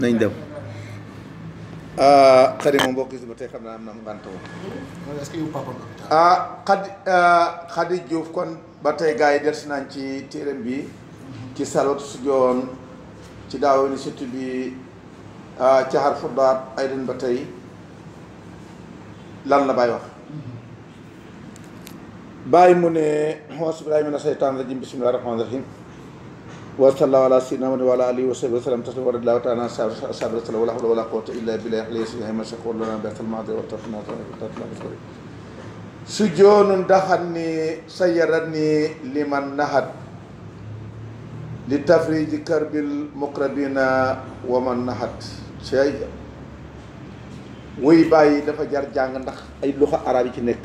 nañ dem. xarit ah, moom mbokk yi ba tey xam naa am na mu ngànt woon. est-ce que ah, ah, kon ba tey gaa yi dersi nañ ci téeram bi ci salwatu sujoon ci daaw ni bi ci xarfu daat ay den ba tey lan la Baye wax. Mhm. Baye mu ne xos Ibrahima na seytaan rajim bisimilah rahmaani rahim. wasallaahu ala sayyidina Muhammad wa ala alihi wa sahbihi wa sallam taslima radiyallaahu taala an ashaabi rasul wala hawla wala quwwata illa billahi li yasir bi al liman nahat li tafriji karbil muqrabina wa man wuy bàyyi dafa jar jàng ndax ay luxa arab yi ci nekk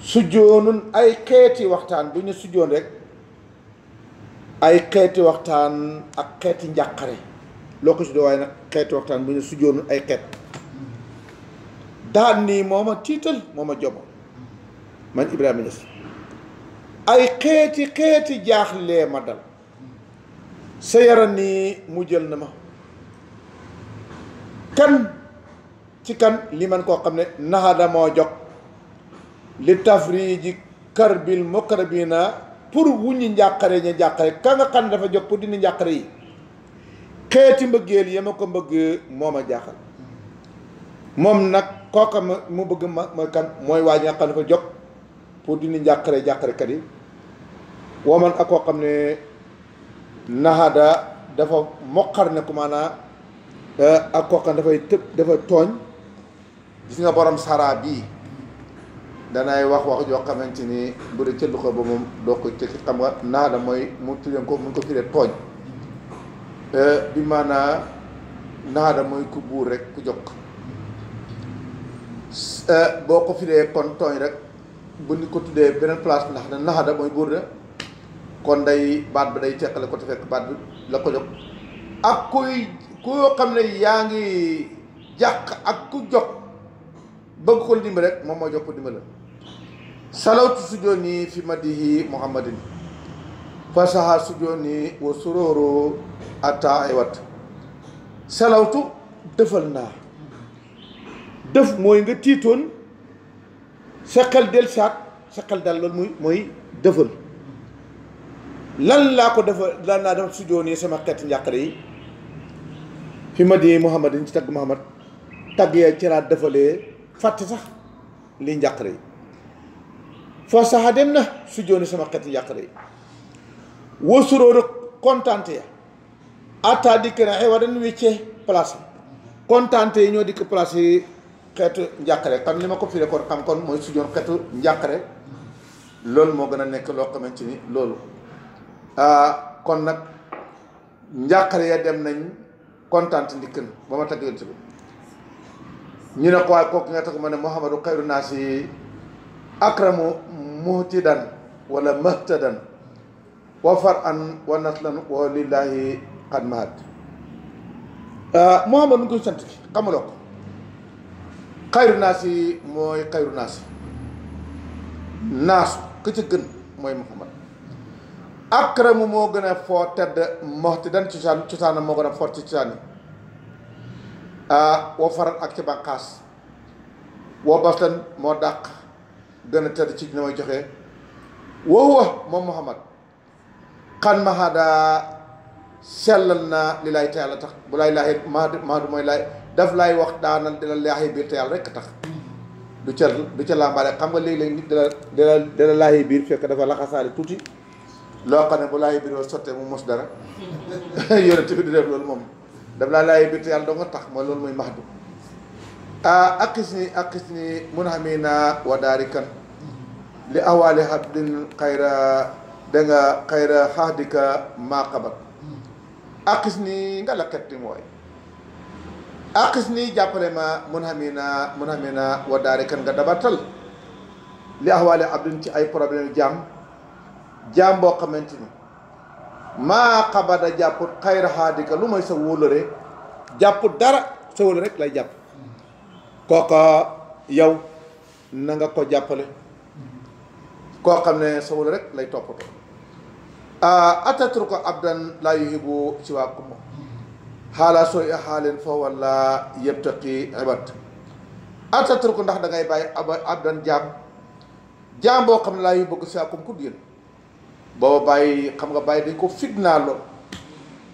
sujoonun ay xeeti waxtaan bu ñu sujoon rek ay xeeti waxtaan ak xeeti njàqare loo ko si doo waaye nag xeeti waxtaan bu ñu su ay xeet daan nii moo ma tiital moo ma jomo man Ibrahima ay xeeti xeeti jaaxlee ma dal sa yaram nii mu jël na ma kan ci kan li man koo xam ne naxada moo jog li tafriji karbil mukarabina pour wuññi njàqare ña njàqare ka nga xam ne dafa jóg pour dindi njàqare yi xeeti mbëggeel yi ma ko mbëgg moo ma jaaxal moom nag kooka ma mu bëgg ma mooy kan mooy waa ñi nga xam ne dafa jóg pour dindi njàqare njàqarekat yi woo man ak koo xam ne naxaada dafa moqar ne ku eh, ak koo xam ne dafay tëb dafa tooñ gis nga borom saraa bii danay wax wax joo xamante ni bu dee cëll ko ba moom doo ko ci xam nga naada mooy mu tuddee ko mu ko firee tooñ euh, bi naa naada mooy ku buur rek ku jokk euh, boo ko firee kon tooñ rek bu ñu ko tuddee beneen place ndax na mooy buur de kon day baat bi day teqale ko te fekk baat bi la ko jokk ak kuy koo xam ne yaa ngi jàq ak ku jox bëgg ko dimbali rek moom mooy jokk dimbali la salawtu sujooni fi madihi muhammadin fasaha sujooni wa sururu atta ay wat salawtu dëfal naa dëf mooy nga tiitoon sa xel del saat sa xel dal loolu mooy dëfal lan laa ko defal lan laa defal sujooni sama xeeti njàqare yi fi madihi muhammadin ci tagg muhammad tagg yaay ci laa defalee fàtte sax li njàqare yi foo saxa dem na su jooni sama xet yàqare yi woo suróoru kontante ya atta dikk na xew a dañ wéccee place kontante yi ñoo dikk place yi xeetu njàqare xam li ma ko firee kon mooy su joon xeetu njàqare loolu moo gën a nekk loo xamante ni loolu ah, kon nag njàqare ya dem nañ kontante ndikk na ba ma tagg yonte bi ñu ne ko waaye kooku nga tax ma ne Muhammadu xayru naasi akramu muhtidan wala mahtadan wa faran wa naslan wa lillahi qad mahat ah, Muhammad mu ngi koy sant ki xamuloo ko xayru naas yi mooy xayru naas naasu ku ci gën mooy Muhammad akramu moo gën a foo tedd muhtidan cosaan cosaanam moo gën a foo ci cosaan yi ah, wa faran ak ci banqaas wa baslan moo dàq gën a tedd ci na may joxe wa huwa moom muhammad xan mahadaa sellal naa li laay te yàlla tax bu laay laaxee mahadu mahadu mooy laay daf laay wax daanal di la laaxee biir te yàlla rekk tax du ca du ca làmbaale xam nga léeg-léeg nit dala dala dala laaxee biir fekk dafa laxasaale tuuti loo xam ne bu laaxee biir wala sottee mu mos dara yonent bi di def loolu moom daf laa laaxee biir te yàlla doo nga tax mooy loolu mooy mahadu akis ah, ni akis ni mun xamee naa wadaari kan li awaali haddin xayra danga xayra xaadika maaqabat aqis nii nga lakkatti mooy aqis nii jàppale ma mun xamina mun xamina wa daari kan nga dabatal li awaali abdin ci ay problème jaam jaam boo xamante ni maa xabada jàpput xayra xaadika lu may sa wóolare jàpput dara sa wóolare rek lay jàpp kooka yow na ko jàppale koo xam ne sawul rek lay toppatoo ah, atatruku abdan laa yuhibu siwaakum xaala soo i xaalin fa walla yabtaqi ibat atatruku ndax da ngay bàyyi abdan jaam jaam boo xam ne laa yuhibu siwaakum ku yéen booba bàyyi xam nga bàyyi dañ ko fitnaaloo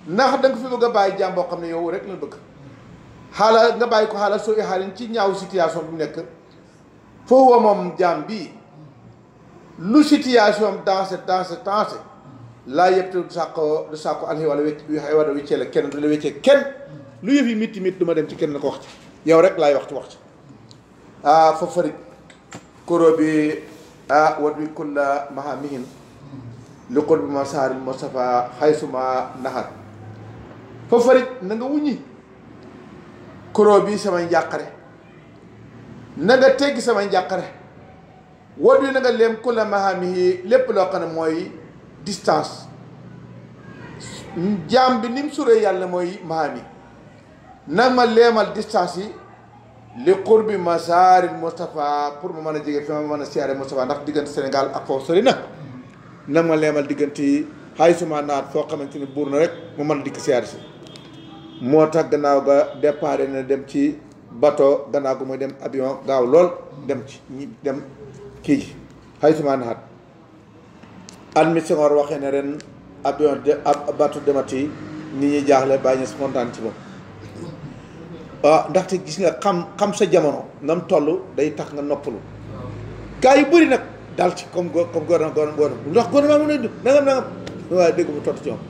ndax da nga fi bëgg a bàyyi jaam boo xam ne yow rek la bëgg xaala nga bàyyi ko xaala soo i ci ñaaw situation bi mu nekk foofu moom jaam bii lu situation am dansé dansé dansé laa yëpp du sàkko du sàkko an wala wala wéccee la kenn du la wéccee kenn lu yëf yi mitti mit dem ci kenn na ko wax ci yow rek laay wax ci wax ci ah fa farit koro bi ah wat wi kulla maha mihin li qol bi ma saaril Moustapha xaysuma naxar fa farit na nga wuññi koro bi sama njàqare na nga teggi sama njàqare woo du na nga leem ku la mahamihi lépp loo xam mooy distance jaam bi ni mu suree yàlla mooy mahami nag ma leemal distance yi li qurbi masaaril Moustapha pour ma mën a jege fi ma mën a siyaare Moustapha ndax diggante Sénégal ak foofu sori na nag ma leemal diggante xay suma naat foo xamante ni buur na rek mu mën a dikk siyaare si moo tax gannaaw ga départ dem ci bateau gannaaw ga ma dem avion gaaw lool dem ci dem suma na hat an mi sengor waxe ne ren abion de abatu demati ni ñi jaxle bañu spontan ci moom ah te gis nga xam xam sa jamono nam tollu day tax nga noppalu kay yu bëri nag dal ci comme comme gouvernement gouvernement ndax gouvernement mu ne nangam nangam waaye deg bu tott ci moom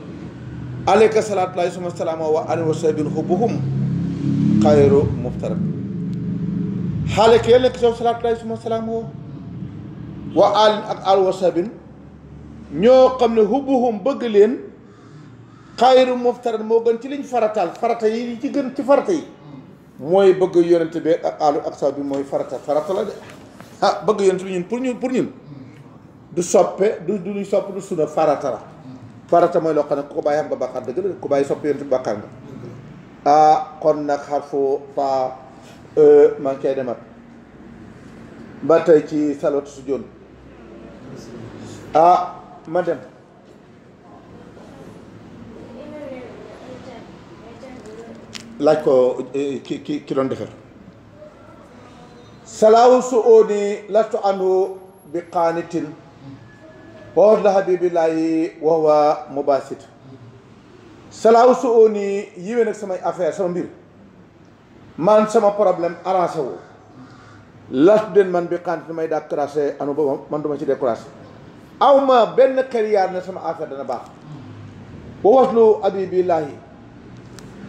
alayka salatullahi suma salama wa ani wa sabil hubuhum khayru muftarak halaka yalla ko salatu suma salama wa wa alin ak al wasabin ñoo xam ne hubbuhum bëgg leen xayru muftarat moo gën ci liñ farataal farata yi ci gën ci farata yi mooy bëgg yonent bi ak alu ak sa bi mooy farata farata la de ah bëgg yonent bi ñun pour ñun pour ñun du soppe du duñu luy sopp du suna farata la farata mooy loo xam ne ku ko bàyyi xam nga bàkkaar dëgg la ku bàyyi sopp yonent bi bàkkaar nga kon nag xarfu fa e, maa ngi koy demat ba tey ci salatu su joon ah ma dem laaj ko eh, ki ki ki doon defar salaawu su óoni lastu anhu bi qaanitin boo la habibillahi wa huwa mubasit salaawu su óoni yiwee nag samay affaire sama mbir man sama problème arrangé wu lastu den man bi qaanitin may daa crasé anu booba man duma ci décrasé aw benn xel yaar ne sama affaire dana baax wa waslu abi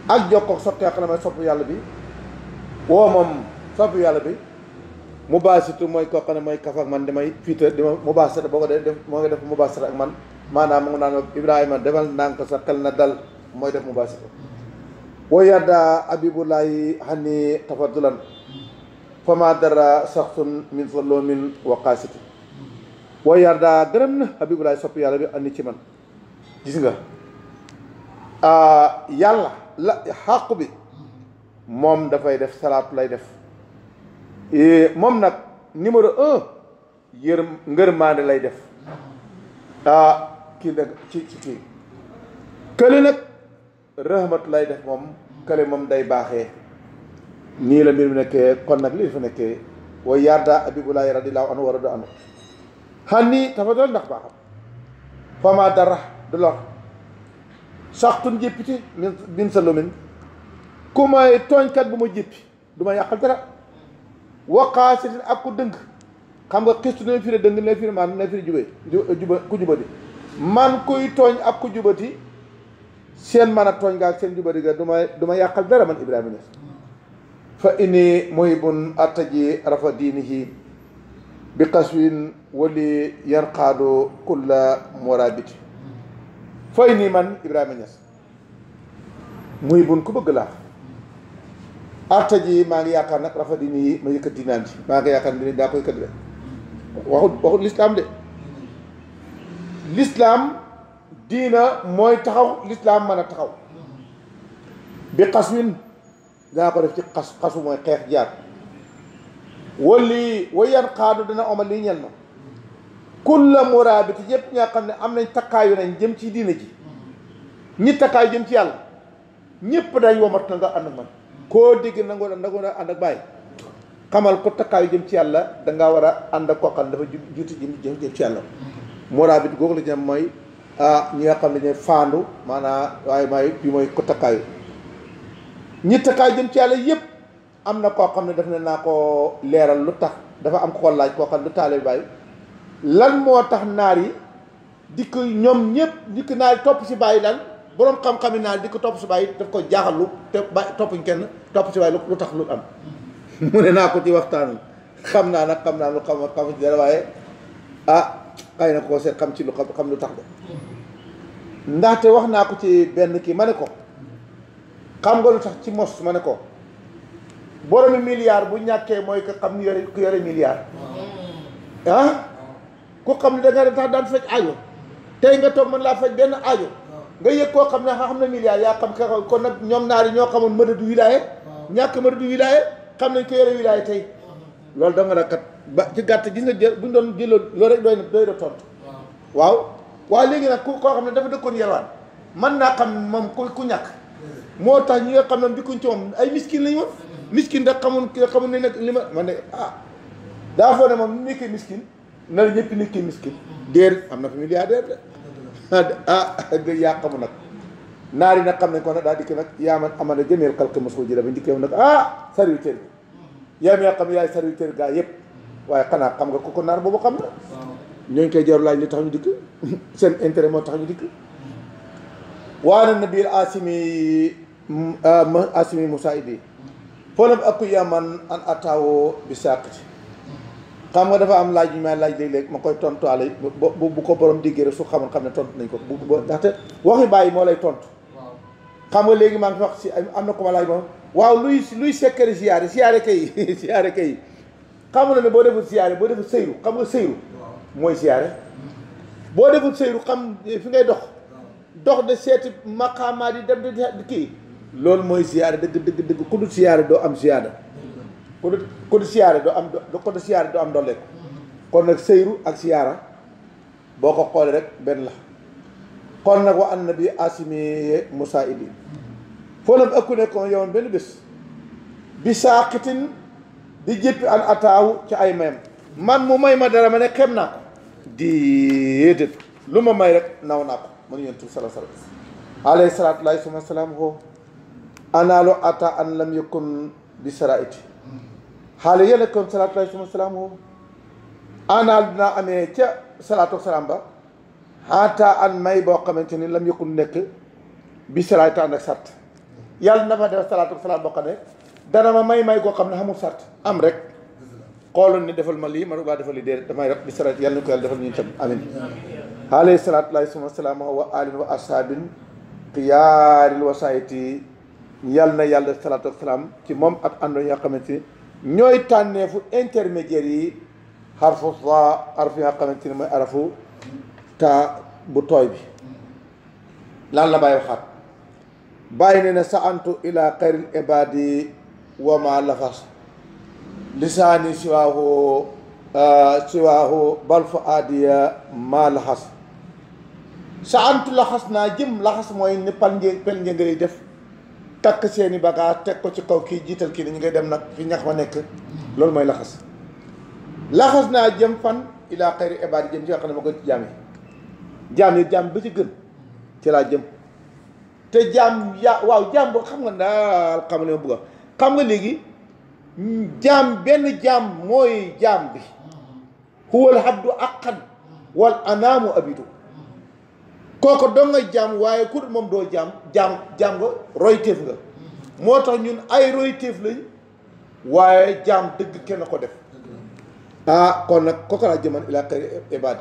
ak jokkoog soppeeku la may sopp yàlla bi woo moom sopp yàlla bi mu baasitu mooy koo xam mooy kaf ak man damay fiita dima mu baasata boo ko def def moo ngi def mu ak man maanaam mu ngi naan Ibrahima defal ndànk sa xel na dal mooy def mu baasitu woo yarda abibulaahi xani tafadulan fama dara saxsun min solomin wa qaasiti boo yardaa gërëm na Habibulaay soppi yàlla bi andi ci man gis nga ah, yàlla la xàqu bi moom dafay def salaatu lay def eh, moom nag numéro un yër ngërmaande lay def ah, kii nag ci ci kii kële nag rahmat lay def moom kële moom day baaxee nii la mbir mi nekkee kon nag lii dafa nekkee way yardaa Habibulaay radiyallaahu anhu wa radu anhu hani dafa doon ndax baaxam fama dara du lor saxtun jéppiti min min sa lumin ku may tooñkat bu ma jéppi du ma yàqal dara waqaasitin ak ku dëng xam nga xistu nañ firi dëng nañ firi maan nañ firi jubee juba ku jubati man kuy tooñ ak ku jubati seen man a tooñ nga ak seen jubati ga du ma du ma yàqal dara man Ibrahima Niass fa inni muhibun attaji rafa diinihi bi qaswin wali yarqaadu kulla morabiti fay nii man Ibrahima Niass muy bun ku bëgg laa arta ji maa ngi yaakaar nag rafet yi nii ma yëkkati naan ci maa ngi yaakaar ni daa ko yëkkati de waxut waxut lislaam de lislaam diina mooy taxaw lislaam mën a taxaw bi qaswin danaa ko def ci xas xasu mooy xeex jaar wali wa yan xaadu dina omal lii ñel ma kulla muraabiti yëpp ña xam ne am nañ takkaayu nañ jëm ci diina ji ñi takkaayu jëm ci yàlla ñëpp dañ womat na nga ànd ak man koo dégg nangoo nangoo ànd ak bàyyi xamal ko takkaayu jëm ci yàlla dangaa war a ànd ak koo xam dafa juuti jëm jëm ci yàlla muraabit googu la jëm mooy ñi nga xam ne ñooy faandu maanaam waaye maay bi mooy ko takkaayu ñi takkaayu jëm ci yàlla yëpp am na koo xam ne daf ne naa koo leeral lu tax dafa am ko laaj koo xam ne lu taale bàyyi lan moo tax naar yi dikk ñoom ñëpp di ko naar topp si bàyyi daal boroom xam-xam yi naa di ko topp si bàyyi daf ko jaaxal lu te ba toppuñ kenn topp si lu tax lu am mu ne naa ko ci waxtaan xam naa nag xam naa lu xam xam ci dara waaye ah xëy na koo seet xam ci lu xam lu tax de wax naa ko ci benn kii ma ne ko xam nga lu tax ci mos ma ne ko boromi milliard bu ñàkkee mooy ko xam ni yore ku yore milliard mm. ah ku xam ne da nga tax faj aajo tey nga toog mën laa faj benn aajo nga yëg koo xam ne xam na milliard yaa ko nag ñoom naar yi ñoo xamoon madadu wilaaye mm. ñàkk madadu wilaaye xam nañ ko yore wilaaye mm. loolu danga la kat ba ci gàtt gis nga jël bu ñu doon jëloon loolu rek doy waaw waaw léegi nag ku xam ne dafa dëkkoon yelwaan man naa xam moom ku ku ñàkk moo tax ñi nga xam ne dikkuñ ci ay miskin lañ woon miskin da xamul ki xamul ne nag li ma man ne ah daa foog ne moom ni miskin na la ñëpp nekkee miskin déer am na fi milliardaire de ah, yaa xamul nag naar yi nag xam nañ ko nag daa dikk nag yaa man amana jëmeel xalq mosu ji la bañ dikkee nag ah serviteur bi yaa mee xam yaay serviteur gaa yëpp waaye xanaa xam nga kooku naar boobu xam na ñooñ koy jaru laaj li tax ñu dikk seen intérêt moo tax ñu dikk na nabil asimi ah, asimi musaidi polom ak yaman an atawo bi sàqti xam nga dafa am laaj yu may laaj léeg-léeg ma koy tontuwaale bu bu ko borom diggee rek su xam ne tontu nañ ko bu bu ndaxte waxi bàyyi moo lay tontu. xam nga léegi maa ngi wax si am na ko ma laaj moom waaw luy luy sekkari siyaare siyaare kay siyaare kay xam nga ne boo deful siyaare boo deful sëyru xam nga sëyru. mooy siyaare. boo deful sëyru xam fi ngay dox. dox de seeti maqaamaat yi dem di kii. loolu mooy siyaare dëgg dëgg dëgg ku dul siyaare doo am siyaada ku dul siyaare doo am ku dul siyaare doo am dolleeku kon nag sëyru ak siyaara boo ko xoolee rek benn la kon nag wa an na bi asimiye moussa idi foo nag ëkku ne yowoon benn bés bi saaqitin di jéppi an ataawu ci ay mayam man mu may ma dara ma ne xem naa ko déedéet lu ma may rek naw naa ko mënu yontu bi sala sala alayhi suma salaam hoo analo ata an lam yakun bi saraiti xaale yéen kon salaatullahi sama salaam woowu anal dinaa amee ca salaatu salaam ba ata an may boo xamante ni lam yakun nekk bi saraiti ànd ak sart yàlla na fa def salaatu salaam boo xam ne dana ma may may goo xam ne xamul sart am rek xooloon ni defal ma lii ma laa defal lii déedéet damay rek bi saraiti yàlla na ko yàlla defal ñu tam amin xaale salaatullahi sama salaam wa alin wa ashabin xiyaaril wasaayiti يالنا يالنا صلاة السلام تي موم اك اندو يا خامتي نيوي تانيفو انترميدير يي حرف الظا حرف يا خامتي ما عرفو تا بو توي بي لان لا باي وخات باي نينا سانت الى خير العباد وما لفظ لساني سواه سواه بل فؤادي ما لحظ سانت لحسنا جيم لحس موي نيبال نيبال نيبال takk seeni bagage teg ko ci kaw kii jiital kii dañu ngay dem nag fi ñax ma nekk loolu mooy laxas laxas naa jëm fan ilaa xayri ibaad jëm ci nga ba ci gën laa jëm te jaam ya waaw jaam boo xam nga daal xam nga li ma bëgg xam nga léegi jaam benn jaam mooy jaam bi huwal habdu aqan wal anaamu abidu kooko doo nga jaam waaye ku moom doo jaam jaam jaam nga royteef nga moo tax ñun ay royteef lañ waaye jaam dëgg kenn ko def ah kon nag kooku laa jëman ilaa xëy ibaad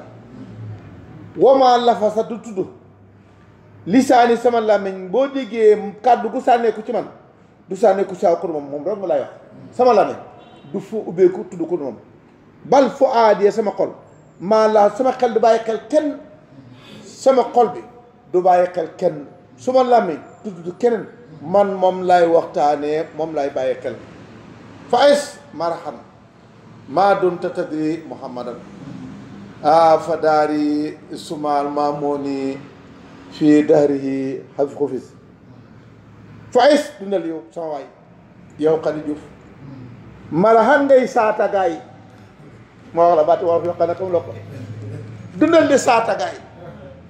yi wama lafa sa du tudd lisaani sama làmmiñ boo déggee kàddu gu sànneeku ci man du sànneeku saa kur moom moom rek laay wax sama làmmiñ du fu ubbeeku tudd kur moom bal fu aadee sama xol maa laa sama xel du bàyyi xel kenn sama xol bi du bàyyi xel kenn su ma làmmiñ tudd keneen man moom lay waxtaanee moom lay bàyyi kel fa es marxan maa dunta tadri muhammadan a ah, fa daari sumaal maa moo ni fii dahrihi xafi dundal yow sama waay yow xadi juuf maraxan ngay saata gaay moo wax la baati wolof yoo xam ne comme dundal di saata gaay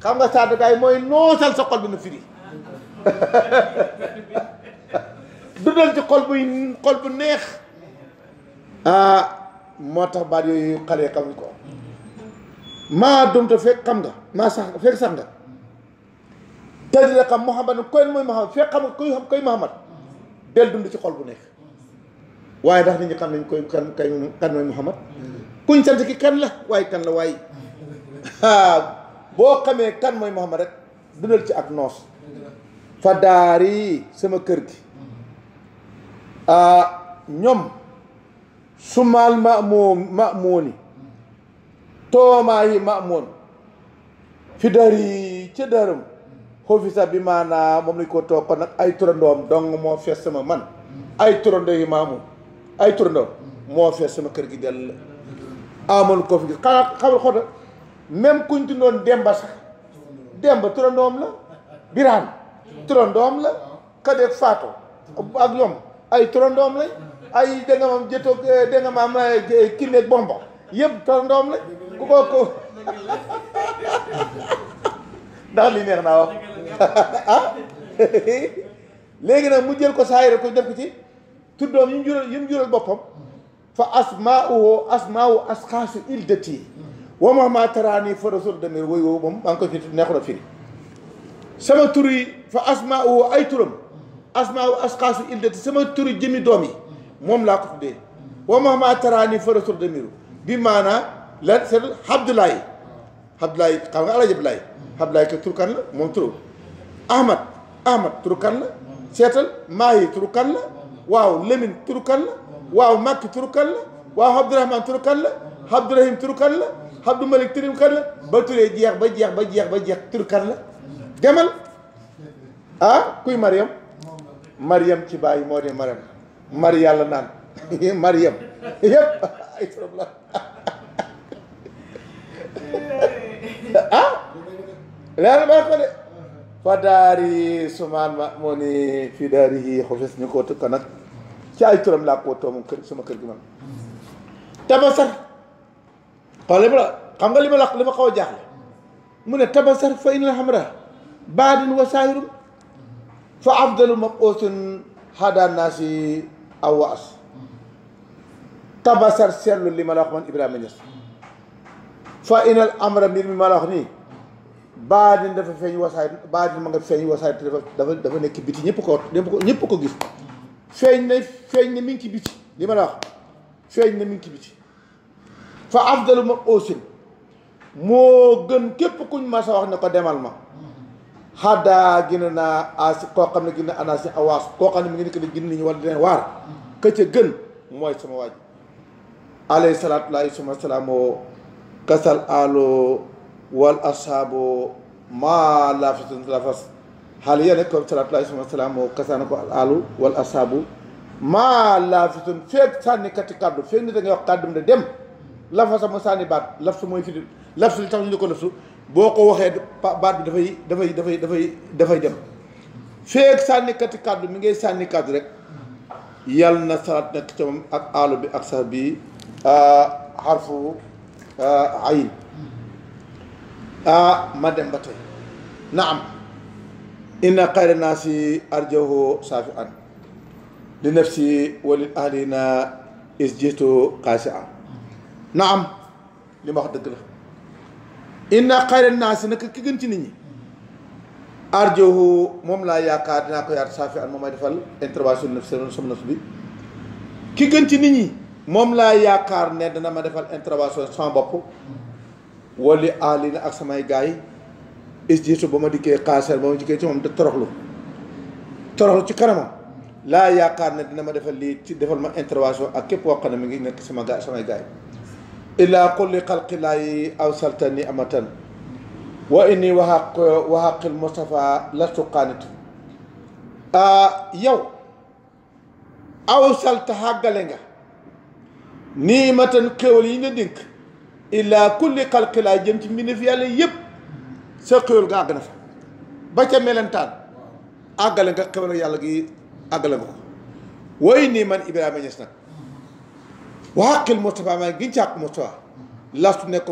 xam nga sàdd gaay mooy noosal sa xol bi nu firi dundal ci xol buy xol bu neex ah moo tax baat yooyu xale xamuñ ko maa dumtu fekk xam nga maa sax fekk sax nga tëdd la xam Muhammad koy mooy Muhammad fekk xam nga koy xam koy Muhammad del dund ci xol bu neex waaye ndax nit ñi xam nañ koy kan kan kan mooy Muhammad mm. kuñ sant ki kan la waaye kan la waaye ah, boo xamee kan mooy Muhammad rek dundal ci ak noos fa daari sama kër gi mm-hmm. ah, ñoom sumaal mamoo mamooni mm-hmm. toomaayi mamoon fi dari ca dërëm mm-hmm. xoofi sax bi maanaa moom lañ ko toog kon nag ay turandoom dong moo fees sama man ay turandoo turandoom moo fees sama kër gi dell amoon ko fi xanaa xamal xoota même kuñ tundoon Demba sax Demba turandoom la Biraan turandoom la Kadet Faatu ak ñoom ay turandoom lañ ay da nga maam jëto da nga maam turandoom lañ ku ko ko ndax li neex naa wax ah léegi nag mu jël ko saayira ko def ko ci tuddoom yi mu jural yi mu jural boppam fa asmaa uhu asmaa u asxaasu ildati وما تراني فرسول دمير وي وبم بانكو في نخرة في سما توري فاسماء اي ترم اسماء اسقاس الى سما توري جيمي دومي موم لا كوف دي وما ما تراني فرسول دمير بمعنى لا سر عبد الله عبد الله قال الله جبل الله عبد الله تركان موم ترو احمد احمد تركان سيتل ماي تركان واو لمن تركان واو مكي تركان واو عبد الرحمن تركان عبد الرحيم تركان Abdou Malick turim kan la ba turee jeex ba jeex ba jeex ba jeex tur kan la demal ah kuy Mariam Mariam ci bàyyi moo di Mariam mar yàlla naan Mariam yëpp ay trop ah? de fa daari sumaan ma moo ni fii daari yi ñu ko tëkk nag ci ay turam laa ko toomu kër sama kër gi man tabasar xool la xam nga li ma la li ma xaw a jaaxle mu ne tabasar fa in la xamra baadin wa saayirum fa afdalu mabuusun hadaa naasi aw waas tabasar seetlu li ma la wax man Ibrahima Niass fa in al amra mbir mi ma la wax nii baadin dafa feeñ wasaay baadin ma nga feeñ wasaay te dafa dafa dafa nekk biti ñëpp ko ñëpp ko ñëpp ko gis feeñ na feeñ na mi ngi ci biti li ma feeñ na mi ngi ci fa afdalu ma ausin moo gën képp kuñ ma sa wax ne ko demal ma xaddaa gina naa as koo xam ne gina ana si awaas koo xam ne mi ngi nekk di gin niñu wala dina waar ka ca gën mooy sama waaj alayhi salaatu laahi suma salaamoo kasal alo wal asaabo maa lafasn lafas alu wal asaabu maa lafasn feeg sànni kati kàddu feeg nit a ngay wax kàddum de dem lafa sama sànni baat laf su mooy li tax ñu ko laf boo ko waxee baat bi dafay dafay dafay dafay dafay dem feeg sànnikati kàddu mi ngay sànni kàddu rek yàlla na salaat nekk ca moom ak aalu bi ak sax bi xarfu ayin ah ma dem ba tey na am inna xayra naa si arjahu saafi an li naf si walil ahlina is jiitu xaasi an na am li ma wax dëgg la inna xayra naasi naka ki gën ci nit ñi arjohu moom laa yaakaar dinaa ko yaat saafi an moom may defal intervention naf seen sama naf bi ki gën ci moom laa yaakaar ne dana ma defal intervention sama bopp wali aali na ak samay gars yi is jiitu ba ma diggee xaasal ba ma dikkee ci moom da toroxlu toroxlu ci kanamam laa yaakaar ne dina ma defal lii ci defal ma intervention ak képp koo xam ne mi ngi nekk sama gars samay gars ilaa kulli xalqilaayi awsaltani amatan wa inni waxaq waxaqil Moustapha lastu qaanitu yow awsalta xàggale nga nii matan xéwal yi nga dénk ilaa kulli xalqilaay jëm ci mbindeef yàlla yëpp sa xéwal nga àgg fa ba ca melentaan àggale nga yàlla gi àggale ko way nii man Ibrahima Ñas nag wa haqqil Moustapha maa ngi giñ ci àq Moustapha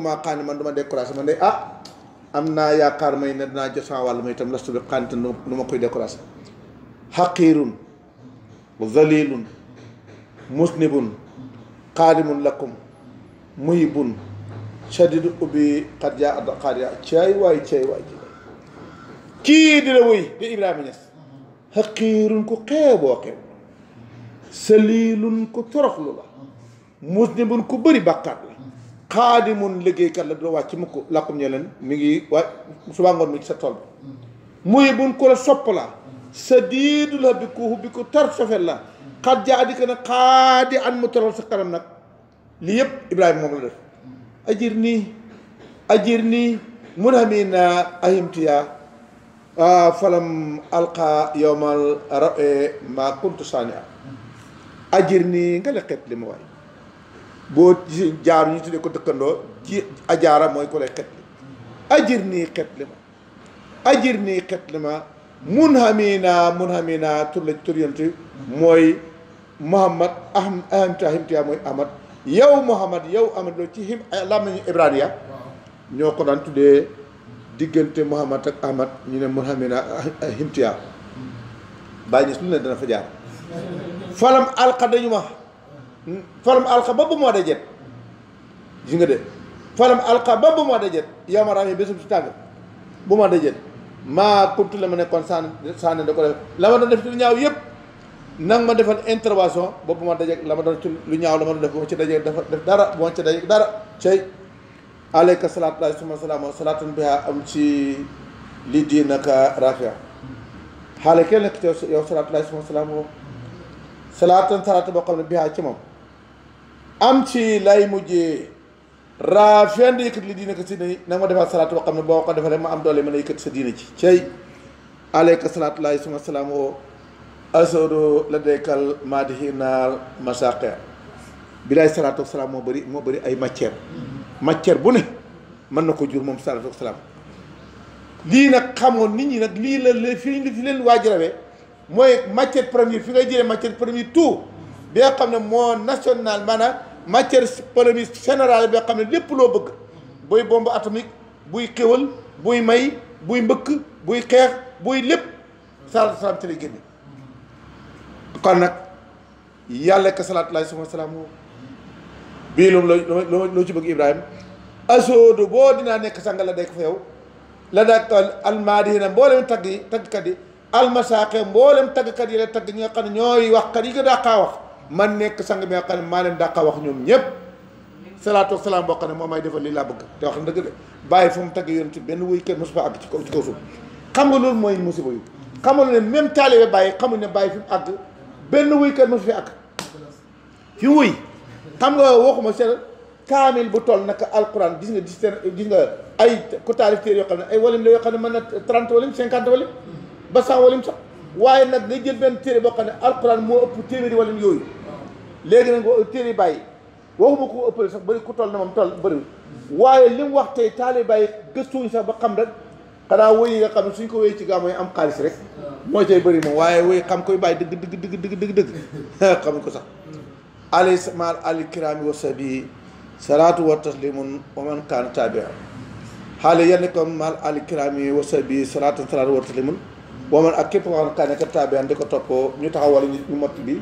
man du ma man de ah, am naa yaakaar may ne dinaa jot sama wàllu ma itam lastu bi xaani te nu koy découragé xaqiirun zalilun musnibun xaadimun lakum muhibun shadidu ubbi xad yaa adda xaad yaa cay waay cay waay kii di la wëy di Ibrahima Niass xaqiirun ku xeeboo xeeb salilun ku toroxlu la musnibun ku bëri bàkkaat la xaadimun liggéeykat la du wàcc mukk làkkum ñe leen mi ngi waay suba ngoon mi ci sa tool bi muhibun ku la sopp la sa la bi ku hubbi tar sofet la xat jaa di mu toral sa kanam nag lii yëpp Ibrahima moom la def ajir nii ajir nii mun ahimtiya falam alqa yowmal rae eh, ma kuntu saani a nga la xeet li ma waay boo jaaru ñu tuddee ko dëkkandoo ci ajaara mooy ku lay xetli ajir nii xetli ma ajir nii xetli ma mun hamina mun hamina tur la tur yonti mooy Muhammad aham ahamtiya Ahmad yow Muhammad yow Ahmad loolu ci him làmmiñu ibraniya ñoo ko daan tuddee diggante Muhammad ak Ahmad ñu ne mun hamina ahimtiya bàyyi ñu su ne dana fa falam alqa ma faram alxabab moo day jet gis nga de faram alxabab moo day jet yow ma raam yi bésub tàng bu moo day jet maa kuntu la ma nekkoon saan saan da ko def la ma doon def ci lu ñaaw yëpp nang ma defal intervention boobu moo dajeeg la ma doon ci lu ñaaw la ma doon def boo ci dafa def dara boo ci dajeeg dara cey aleyka salaatullahi suma salaama salaatan am ci li diinaka rafia xaale kenn nekk ci yow salaatullahi suma salaama salaatan salaata boo xam ne biha ci moom am ci lay mujjee raafiyan di yëkkati li diine ko si ni na nga ma defal salaatu boo xam ne boo ko defalee ma am doole mën a yëkkati sa diine ci cey aleyka salaatu laay suma salaam o la deykal maadihi naar masaqe bi laay salaatu moo bëri moo bëri ay matière matière bu ne mën na ko jur moom salaatu salaam lii nag xamoon nit ñi nag lii la fii li fi leen waajarawee mooy matière première fi ngay jëlee matière première tout bi xam ne moo national maanaam matière polémique générale boo xam ne lépp loo bëgg buy bombe atomique buy xéwal buy may buy mbëkk buy xeex buy lépp salaatu salaam ci lay génne kon nag yàlla ka salaatu laay suma salaam woo bii loolu loo loo ci bëgg Ibrahima asoodu boo dinaa nekk sanga la dekk fa yow la daak almaadihina mboolem tagg yi taggkat yi almasaaqe mboolem taggkat yi la tagg ñi nga xam ne ñooy wax kat yi ko daa xaa wax man nekk sang bi nga xam maa leen dàqa wax ñoom ñëpp salaatu wa salaam boo xam ne moom may defal lii laa bëgg te wax na dëgg de bàyyi fu mu tagg yoon ci benn wuy kenn mosu fa àgg ci kaw ci kaw suuf ne même taalibe bàyyi mu àgg benn wuy kenn mosu fi àgg fi wuy xam nga waxuma seen kaamil bu toll naka alquran gis nga gis seen gis nga ay ku taalif téere yoo xam ne ay walim la yoo xam ne mën na trente walim cinquante walim ba cent walim sax waaye nag ngay jël benn téere boo xam ne alquran moo ëpp téeméeri walim yooyu léegi nag téere bàyyi waxuma ko ëppale sax bëri ku toll na moom toll bëriwul waaye li wax tey taali bàyyi gëstuuñ sax ba xam rek xanaa woy yi nga xam ne suñ ko wéyee ci gàmmu am xaalis rek moo cay bëri waaye woy xam koy bàyyi dëgg dëgg dëgg dëgg dëgg dëgg xamuñ ko sax ali maal ali kiraami wa sabi salaatu wa taslimun wa man kaana taabia xaale yenn ko maal ali kiraami wa sabi salaatu salaatu wa taslimun wa man ak képp ko xam ne kaa nekk ko toppoo ñu taxawal ñu mott bi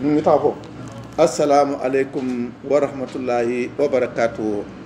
السلام عليكم ورحمه الله وبركاته